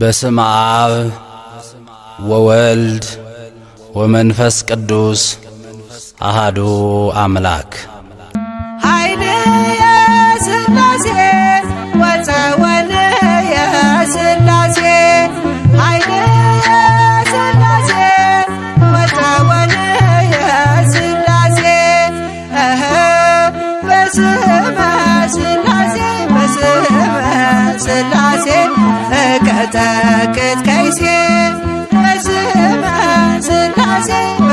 በስም አብ ወወልድ ወመንፈስ ቅዱስ አሃዱ አምላክ ኃይል የሥላሴ ወፀወል የሥላሴ ኃይል say.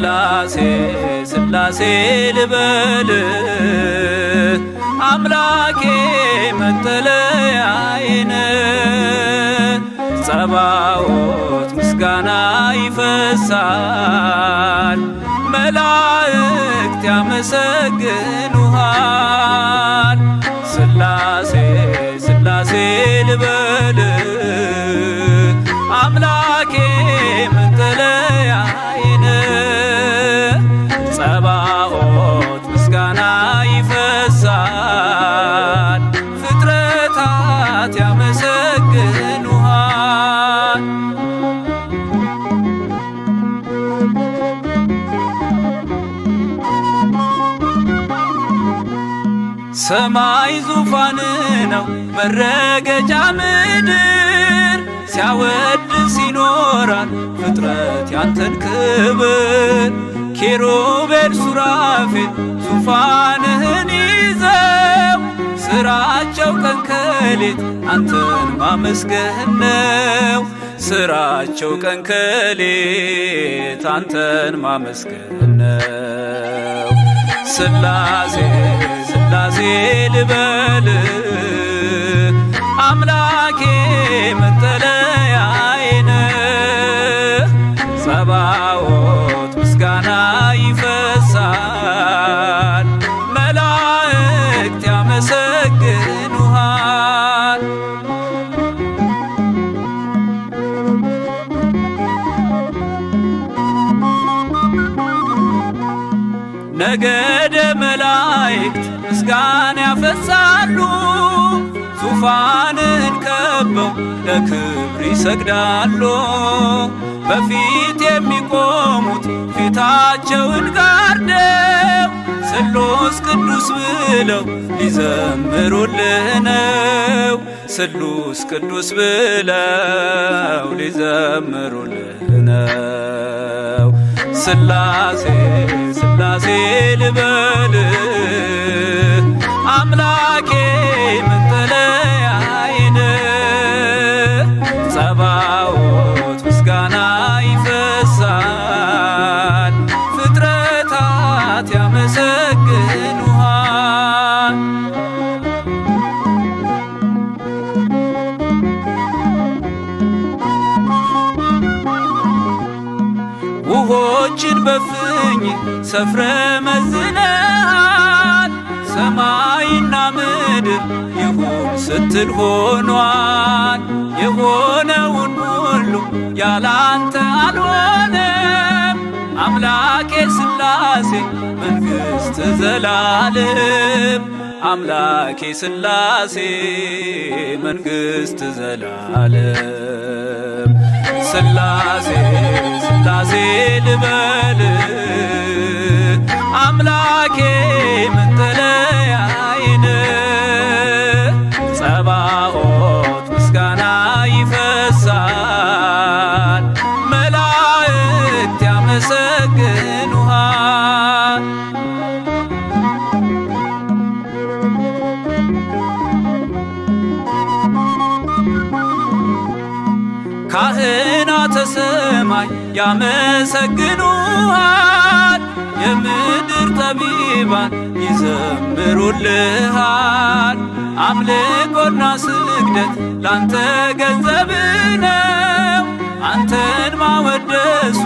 ስላሴ ስላሴ ልበል አምላኬ መጠለያዬን ጸባዖት ምስጋና ይፈሳል መላእክት ያመሰግኑሃል ስላሴ ስላሴ ልበል ዙፋን ነው መረገጫ ምድር ሲያወድ ሲኖራል! ፍጥረት ያንተን ክብር ኬሩቤል ሱራፌል ዙፋንህን ይዘው ስራቸው ቀን ከሌት አንተን ማመስገን ነው። ስራቸው ቀን ከሌት አንተን ማመስገን ነው። ስላሴ ሥላሴ ልበል አምላኬ መጠለያዬን ጸባዖት ምስጋና ይፈሳል መላእክት ያመሰግኑሃል ነገደ መላእክት ምስጋና ያፈሳሉ ዙፋንን ከበው ለክብር ይሰግዳሉ። በፊት የሚቆሙት ፊታቸውን ጋርደው ስሉስ ቅዱስ ብለው ሊዘምሩልነው! ስሉስ ቅዱስ ብለው ሊዘምሩልነው ስላሴ ስላሴ ልበል ልባችን በፍኝ ሰፍረ መዝነሃል ሰማይና ምድር ይሁን ስትል ሆኗል። የሆነውን ሁሉ ያላንተ አልሆነም አምላኬ ስላሴ መንግሥት ዘላለም አምላኬ ስላሴ መንግሥት ዘላለም ስላሴ ራሴ ልበል አምላኬ መጠለ ያመሰግኑሃል፣ የምድር ጠቢባን ይዘምሩልሃል። አምልኮና ስግደት ላንተ ገንዘብ ነው፣ አንተን ማወደሱ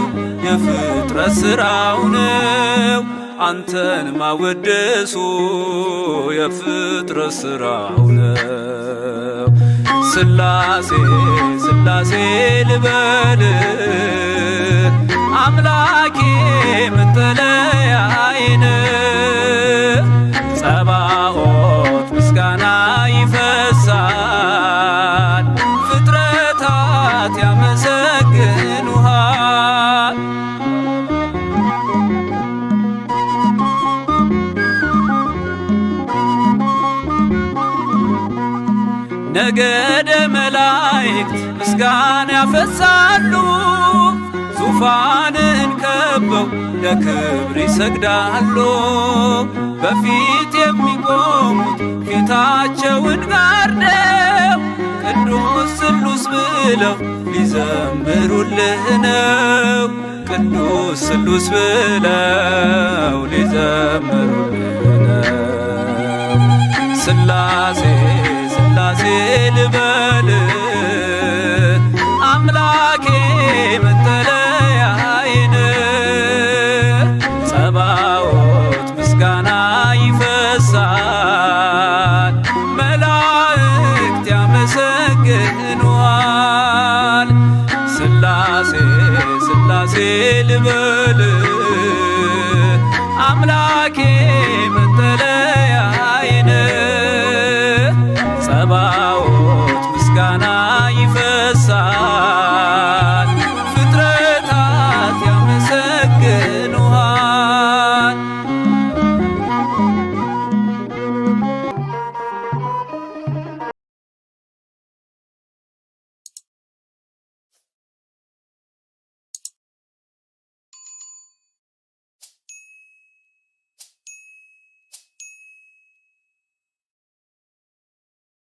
የፍጥረት ሥራው ነው። አንተን ማወደሱ የፍጥረት ሥራው ነው። ስላሴ ስላሴ ልበል አምላኬ መጠለያይን ጸባኦት ምስጋና ምስጋና ያፈሳሉ ዙፋንን ከበው ለክብር ይሰግዳሉ። በፊት የሚቆሙት ፊታቸውን ጋርደው ቅዱስ ስሉስ ብለው ሊዘምሩልህ ነው። ቅዱስ ስሉስ ብለው ሊዘምሩልህ ነው። ስላሴ ስላሴ ልበልህ again.